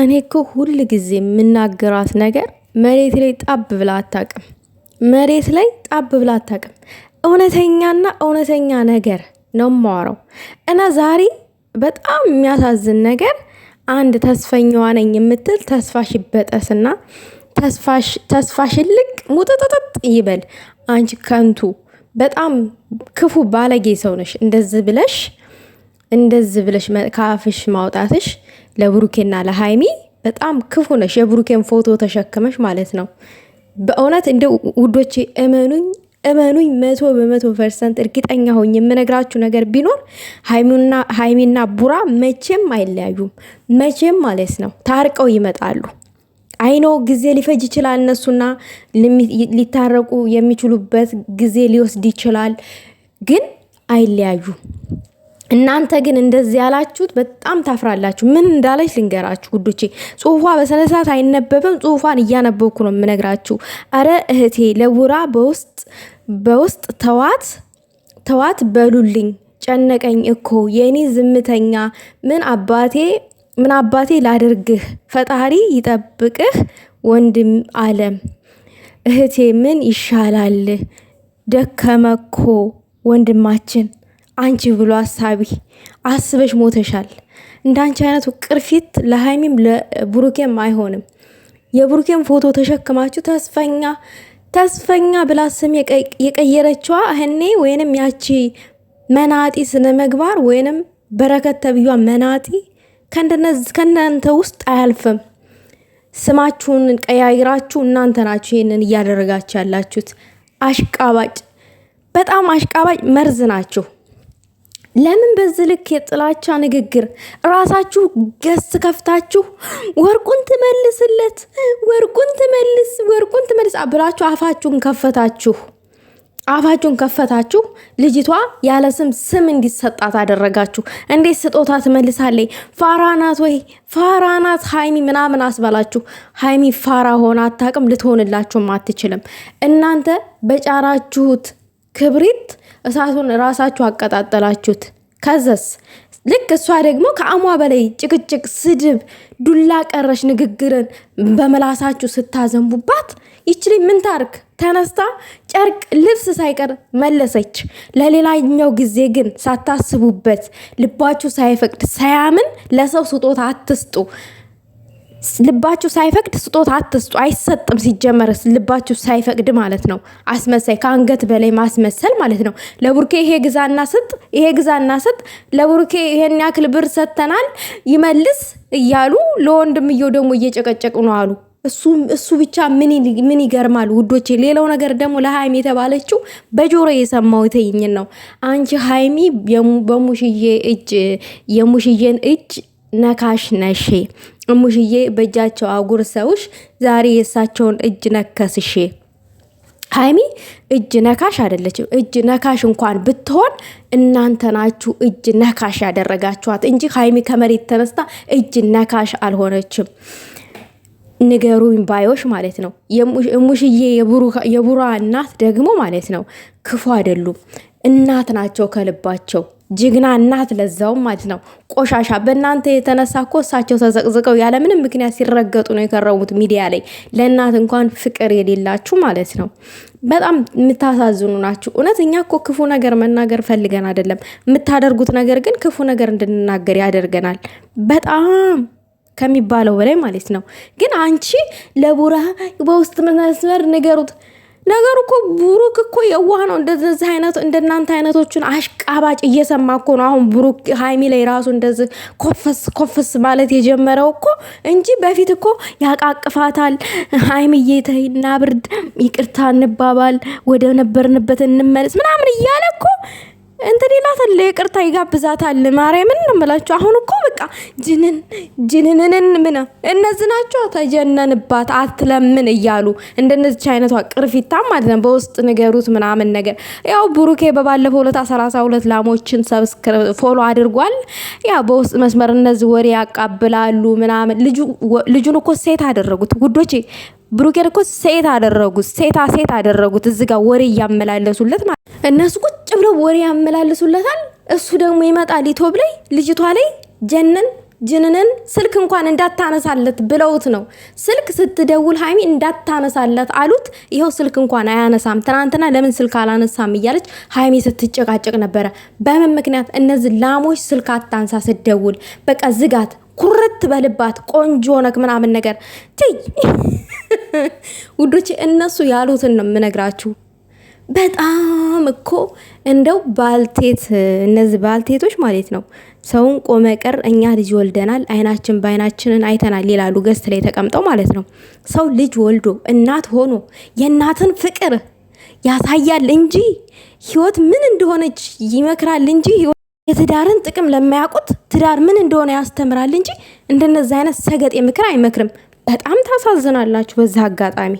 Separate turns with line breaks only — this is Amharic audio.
እኔ እኮ ሁል ጊዜ የምናገራት ነገር መሬት ላይ ጣብ ብላ አታቅም። መሬት ላይ ጣብ ብላ አታቅም። እውነተኛና እውነተኛ ነገር ነው የማወራው እና ዛሬ በጣም የሚያሳዝን ነገር አንድ ተስፈኛዋ ነኝ የምትል ተስፋሽ ይበጠስና ተስፋሽ ልቅ ሙጥጥጥጥ ይበል። አንቺ ከንቱ በጣም ክፉ ባለጌ ሰው ነሽ። እንደዚህ ብለሽ እንደዚህ ብለሽ ካፍሽ ማውጣትሽ ለብሩኬና ለሀይሚ በጣም ክፉ ነሽ። የብሩኬን ፎቶ ተሸክመሽ ማለት ነው። በእውነት እንደ ውዶቼ እመኑኝ እመኑኝ መቶ በመቶ ፐርሰንት እርግጠኛ ሆኝ የምነግራችሁ ነገር ቢኖር ሀይሚና ቡራ መቼም አይለያዩም። መቼም ማለት ነው ታርቀው ይመጣሉ። አይኖ ጊዜ ሊፈጅ ይችላል። እነሱና ሊታረቁ የሚችሉበት ጊዜ ሊወስድ ይችላል፣ ግን አይለያዩም። እናንተ ግን እንደዚህ ያላችሁት በጣም ታፍራላችሁ። ምን እንዳለች ልንገራችሁ ውዶቼ። ጽሁፏ በሰለሳት አይነበብም። ጽሁፏን እያነበብኩ ነው የምነግራችሁ። አረ እህቴ ለውራ በውስጥ በውስጥ ተዋት ተዋት በሉልኝ፣ ጨነቀኝ እኮ የእኔ ዝምተኛ። ምን አባቴ ምን አባቴ ላድርግህ፣ ፈጣሪ ይጠብቅህ ወንድም አለም። እህቴ ምን ይሻላል? ደከመኮ ወንድማችን አንቺ ብሎ አሳቢ አስበሽ ሞተሻል። እንዳንቺ አይነቱ ቅርፊት ለሀይሚም ለብሩኬም አይሆንም። የብሩኬም ፎቶ ተሸክማችሁ ተስፈኛ ተስፈኛ ብላ ስም የቀየረችዋ እህኔ ወይንም ያቺ መናጢ ስነ ምግባር ወይንም በረከት ተብያ መናጢ ከእናንተ ውስጥ አያልፍም። ስማችሁን ቀያይራችሁ እናንተ ናችሁ ይህንን እያደረጋችሁ ያላችሁት። አሽቃባጭ፣ በጣም አሽቃባጭ መርዝ ናችሁ። ለምን በዚህ ልክ የጥላቻ ንግግር ራሳችሁ ገስ ከፍታችሁ ወርቁን ትመልስለት ወርቁን ትመልስ ወርቁን ትመልስ ብላችሁ አፋችሁን ከፈታችሁ አፋችሁን ከፈታችሁ ልጅቷ ያለ ስም ስም እንዲሰጣት አደረጋችሁ። እንዴት ስጦታ ትመልሳለች? ፋራናት ወይ ፋራናት ሀይሚ ምናምን አስባላችሁ። ሀይሚ ፋራ ሆና አታውቅም፣ ልትሆንላችሁም አትችልም። እናንተ በጫራችሁት ክብሪት እሳቱን ራሳችሁ አቀጣጠላችሁት። ከዘስ ልክ እሷ ደግሞ ከአሟ በላይ ጭቅጭቅ፣ ስድብ፣ ዱላ ቀረሽ ንግግርን በመላሳችሁ ስታዘንቡባት ይችል ምን ታርክ ተነስታ ጨርቅ ልብስ ሳይቀር መለሰች። ለሌላኛው ጊዜ ግን ሳታስቡበት ልባችሁ ሳይፈቅድ ሳያምን ለሰው ስጦታ አትስጡ። ልባችሁ ሳይፈቅድ ስጦታ አትስጡ። አይሰጥም ሲጀመር ልባችሁ ሳይፈቅድ ማለት ነው። አስመሳይ ከአንገት በላይ ማስመሰል ማለት ነው። ለቡርኬ ይሄ ግዛና ስጥ፣ ይሄ ግዛና ስጥ፣ ለቡርኬ ይሄን ያክል ብር ሰጥተናል ይመልስ እያሉ ለወንድምየው ደግሞ እየጨቀጨቁ ነው አሉ። እሱ ብቻ ምን ይገርማል ውዶቼ። ሌላው ነገር ደግሞ ለሀይሚ የተባለችው በጆሮ የሰማሁትኝን ነው። አንቺ ሀይሚ በሙሽዬ እጅ የሙሽዬን እጅ ነካሽ ነሼ እሙሽዬ በእጃቸው አጉርሰውሽ ዛሬ የእሳቸውን እጅ ነከስሽ። ሀይሚ እጅ ነካሽ አይደለችም። እጅ ነካሽ እንኳን ብትሆን እናንተ ናችሁ እጅ ነካሽ ያደረጋችኋት እንጂ ሀይሚ ከመሬት ተነስታ እጅ ነካሽ አልሆነችም። ንገሩኝ ባዮች ማለት ነው። እሙሽዬ የቡራ እናት ደግሞ ማለት ነው ክፉ አይደሉም። እናት ናቸው ከልባቸው ጀግና እናት ለዛውም ማለት ነው። ቆሻሻ በእናንተ የተነሳ እኮ እሳቸው ተዘቅዝቀው ያለምንም ምክንያት ሲረገጡ ነው የከረሙት ሚዲያ ላይ። ለእናት እንኳን ፍቅር የሌላችሁ ማለት ነው። በጣም የምታሳዝኑ ናችሁ። እውነት እኛ እኮ ክፉ ነገር መናገር ፈልገን አይደለም። የምታደርጉት ነገር ግን ክፉ ነገር እንድንናገር ያደርገናል በጣም ከሚባለው በላይ ማለት ነው። ግን አንቺ ለቡራ በውስጥ መስመር ንገሩት ነገሩ እኮ ብሩክ እኮ የዋህ ነው። እንደዚህ አይነት እንደናንተ አይነቶችን አሽቃባጭ እየሰማ እኮ ነው አሁን ብሩክ ሀይሚ ላይ ራሱ እንደዚህ ኮፈስ ኮፈስ ማለት የጀመረው እኮ እንጂ በፊት እኮ ያቃቅፋታል። ሀይሚዬ ተይ እናብርድ፣ ይቅርታ እንባባል፣ ወደ ነበርንበት እንመለስ ምናምን እያለ እኮ እንትን ይላታል ይቅርታ ይጋብዛታል። ማርያምን እንምላችሁ አሁን እኮ በቃ ጅንን ጅንንንን ምን እነዚህ ናቸው ተጀነንባት አትለምን እያሉ እንደነዚች አይነቷ ቅርፊታ ማለት ነው። በውስጥ ንገሩት ምናምን ነገር ያው ብሩኬ በባለፈው ዕለት ሰላሳ ሁለት ላሞችን ፎሎ አድርጓል። ያ በውስጥ መስመር እነዚህ ወሬ ያቃብላሉ ምናምን ልጁን እኮ ሴት አደረጉት ጉዶቼ ብሩኬን እኮ ሴት አደረጉት፣ ሴታ ሴት አደረጉት። እዚ ጋር ወሬ እያመላለሱለት ማለት እነሱ ቁጭ ብለው ወሬ ያመላልሱለታል። እሱ ደግሞ ይመጣል ኢትዮብ ላይ ልጅቷ ላይ ጀንን ጅንንን ስልክ እንኳን እንዳታነሳለት ብለውት ነው። ስልክ ስትደውል ሀይሚ እንዳታነሳለት አሉት። ይኸው ስልክ እንኳን አያነሳም። ትናንትና ለምን ስልክ አላነሳም እያለች ሀይሚ ስትጨቃጨቅ ነበረ። በምን ምክንያት እነዚህ ላሞች ስልክ አታንሳ ስትደውል፣ በቃ ዝጋት ኩርት በልባት ቆንጆ ነክ ምናምን ነገር ትይ ውዶች፣ እነሱ ያሉትን ነው የምነግራችሁ። በጣም እኮ እንደው ባልቴት እነዚህ ባልቴቶች ማለት ነው ሰውን ቆመ ቀር እኛ ልጅ ወልደናል አይናችን በአይናችንን አይተናል ይላሉ። ገስት ላይ ተቀምጠው ማለት ነው ሰው ልጅ ወልዶ እናት ሆኖ የእናትን ፍቅር ያሳያል እንጂ ህይወት ምን እንደሆነች ይመክራል እንጂ የትዳርን ጥቅም ለማያውቁት ትዳር ምን እንደሆነ ያስተምራል እንጂ እንደነዚህ አይነት ሰገጤ ምክር አይመክርም። በጣም ታሳዝናላችሁ በዛ አጋጣሚ።